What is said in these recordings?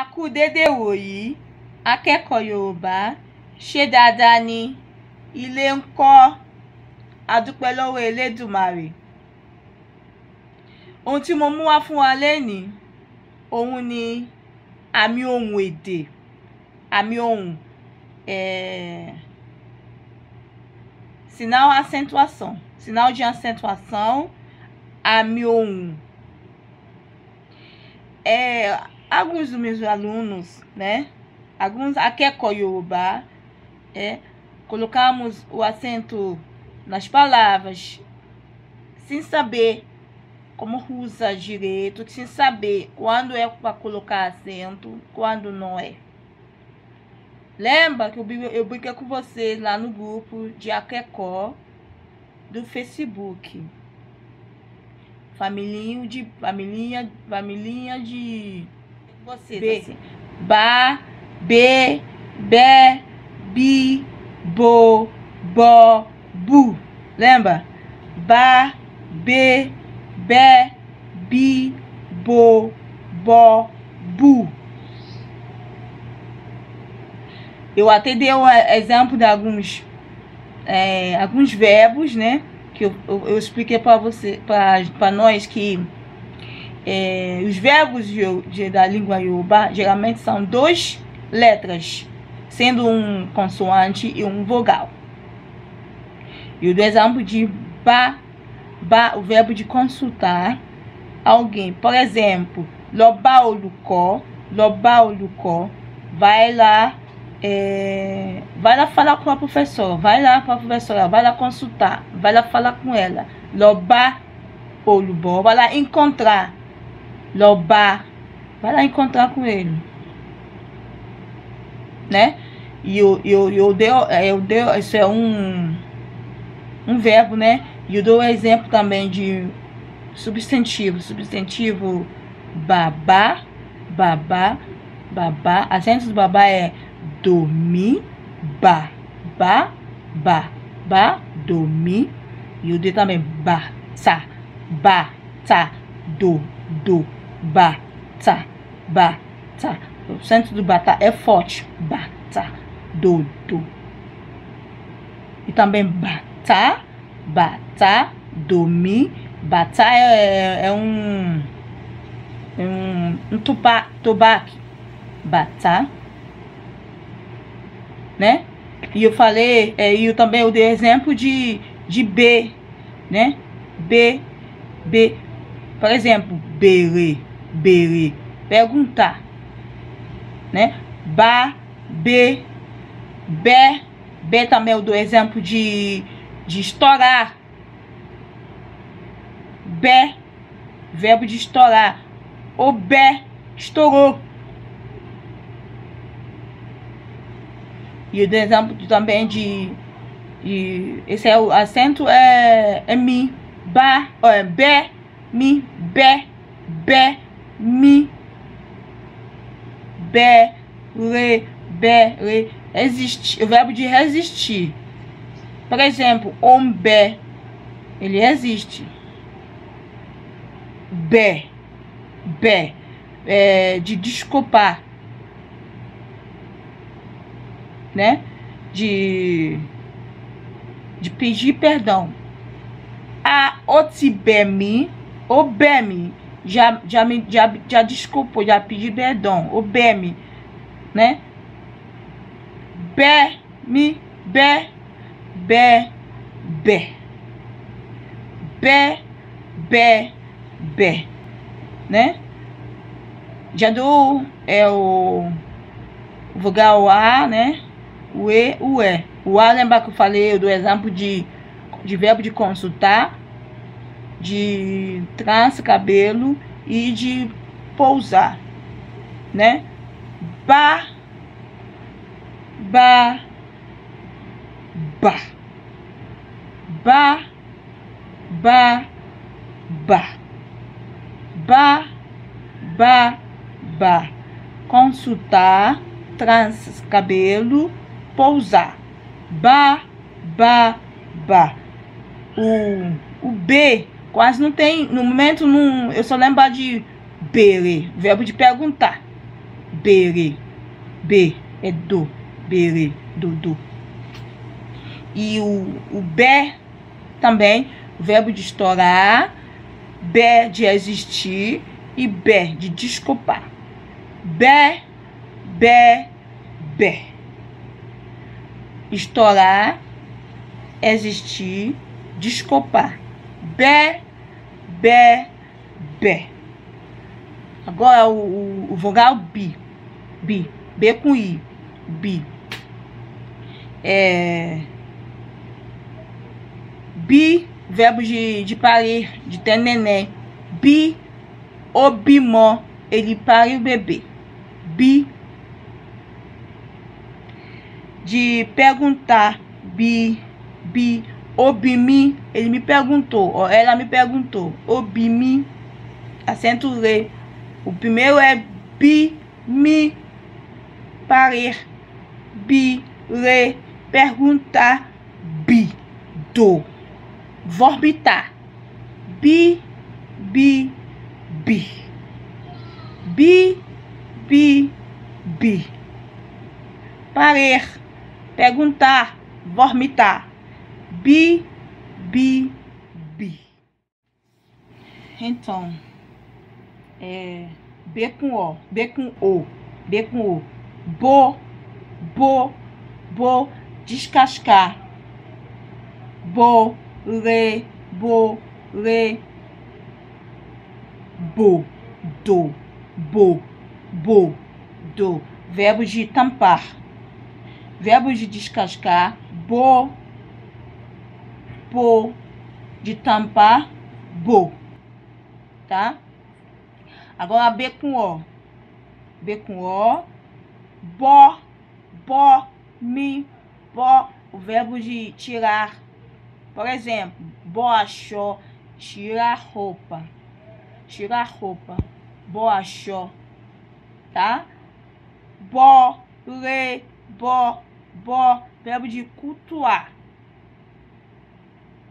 a kú déédé ìwòyí akẹ́kọ̀ọ́ yorùbá ṣe dáadáa ní ilé ńkọ́ a dúpẹ́ lọ́wọ́ elédùmarè ohun tí mo mú wá fún wa lẹ́nìí òun ni àmì ohùn èdè àmì ohùn eh, sinal acentuação sinal de acentuação àmì ohùn. Eh, alguns dos meus alunos, né? Alguns aqui é Coiobá, é, colocamos o acento nas palavras sem saber como usa direito, sem saber quando é para colocar acento, quando não é. Lembra que eu, eu brinquei com vocês lá no grupo de Aquecó do Facebook. Familinho de, familinha, familinha de você, B. Assim. Ba, be, be, bi, bo, bo, bu. Lembra? Ba, be, be, bi, bo, bo, bu. Eu até dei o um exemplo de alguns, é, alguns verbos, né? Que eu, eu, eu expliquei para você, para nós que é, os verbos de, de, da língua Yoruba geralmente são duas letras, sendo um consoante e um vogal. E o exemplo de ba, ba, o verbo de consultar alguém, por exemplo, loba olùkọ́, loba olùkọ́, vai lá, é, vai lá falar com a professora, vai lá para a professora, vai lá consultar, vai lá falar com ela, loba olùbọ́, vai lá encontrar Lobá. Vai lá encontrar com ele. Né? E o, eu eu e deu, eu é, deu, isso é um, um verbo, né? E eu dou é exemplo também de substantivo. Substantivo babá, babá, babá. Acento do babá é domi ba, ba, ba, ba, dormir. E o D também, ba, sa, ba, sa, do, do. Bata, bata. O centro do bata é forte. Bata, dodo. E também bata, bata, domi. Bata é, é um, é um, um tuba, tubaque. Bata. Né? E eu falei, é, e eu também eu dei exemplo de, de B, né? B, B. Por exemplo, berê. Béèrè. Perguntar. Né? Ba, be, be. Be também eu é dou exemplo de, de estourar. Be. Verbo de estourar. O be estourou. E o exemplo também de. esse é o acento é, é mi, ba, é be, mi, be, be, mi, be, re, be, re. Resistir, o verbo de resistir. Por exemplo, be ele existe, Be, be, é, de desculpar, né? De, de pedir perdão. A otibemi, obemi, já, já, me, já, já desculpou, já pedi perdão. O BEME, né? Bé, me, be, be, be. Be, bé, bé. Né? Jadu é o vogal A, né? O E, o E. O A, lembra que eu falei do exemplo de, de verbo de consultar? de trança, cabelo e de pousar, né? Ba, ba, ba, ba, ba, ba, ba, ba, ba. Consultar, tranças, cabelo, pousar. Ba, ba, ba. O, o B Quase não tem. No momento, não, eu só lembro de bere, verbo de perguntar. Bere. B é do. Bere, do, do. E o, o be também, verbo de estourar. Be de existir. E be de desculpar. Be, be, be. Estourar, existir, desculpar. Bé, bé, bé. Agora o, o, o vogal bi. Bi. B com I. Bi. É... Bi, verbo de, de parir, de ter neném. Bi, bimó, ele pare o bebê. Bi. De perguntar. Bi, bi Obimi, ele me perguntou, ó, ela me perguntou, Obimi, acento re O primeiro é bi, mi, parir, bi, re, perguntar, bi, do, vorbitar, bi, bi, bi, bi, bi, bi, parir, perguntar, vomitar Bi, bi, bi. Então, é B com O, B com O, B com O. Bo, bo, bo, descascar. Bo, le, bo, le. Bo, do, bo, bo, do. Verbo de tampar. Verbo de descascar. Bo, bo, de tampar, bo, tá? Agora B com O, B com O, bo, bo, mi, bo, o verbo de tirar. Por exemplo, boachó, tirar roupa, tirar roupa, boachó, tá? Bo, re, bo, bo, verbo de cultuar.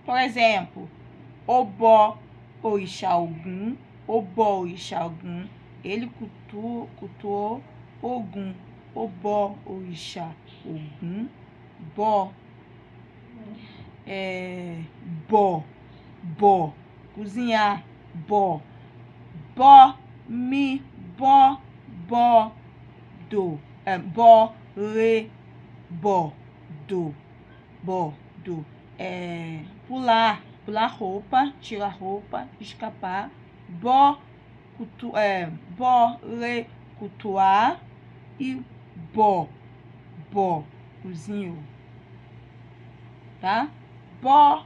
Por exemplo, Obó Oixalgun, Obó Oixalgun, ele cultuou, cultuou Ogum, Obó Oixá Ogum, Bó, é, Bó, Bó, cozinhar, Bó, Bó, Mi, Bó, Bó, Do, é, Bó, Re, Bó, Do, Bó, Do, é pular, pular roupa, tirar roupa, escapar, bo, cutu, é, bo, le, cutuar e bo, bo, cozinho, tá? Bo,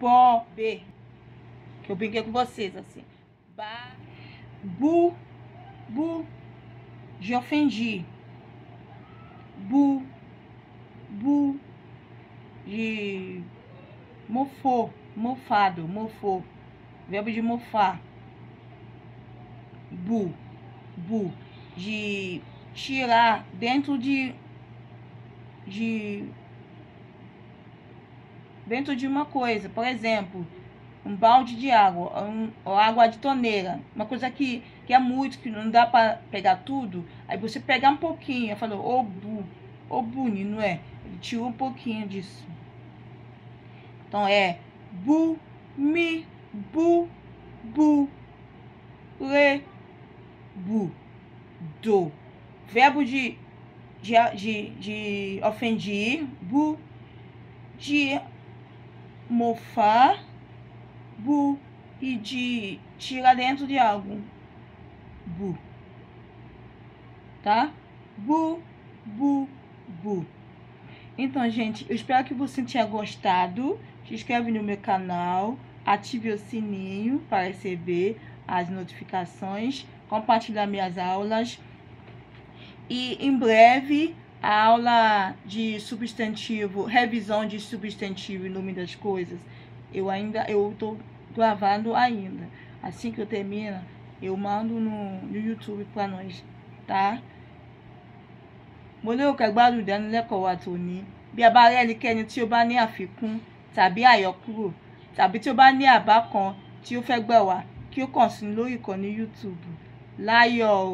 bo, be, que eu brinquei com vocês assim, ba, bu, bu, de ofendi, bu, Mofo, mofado, mofou. Verbo de mofar. Bu, bu. De tirar dentro de. De. Dentro de uma coisa. Por exemplo, um balde de água, um, água de torneira, uma coisa que, que é muito, que não dá para pegar tudo, aí você pegar um pouquinho, falou, ô bu, ô buni, não é? tirou um pouquinho disso. Então é bu, mi, bu, bu, le, bu, do. Verbo de, de, de, de ofender, bu, de mofar, bu, e de tirar dentro de algo, bu. Tá? Bu, bu, bu. Então, gente, eu espero que você tenha gostado se inscreve no meu canal, ative o sininho para receber as notificações, compartilhar minhas aulas. E em breve a aula de substantivo, revisão de substantivo e nome das coisas, eu ainda eu gravando ainda. Assim que eu termino, eu mando no, no YouTube para nós, tá? mo lérò kẹ́ gbádùn ìdánilẹ́kọ̀ọ́ wa tòní bí a bá rẹ́ ẹnikẹ́ni tàbí àyọkúrò tàbí tí o bá ní àbá kan tí o fẹ́ gbà wá kí o kàn sí lórí ìkànnì youtube láyọ̀ o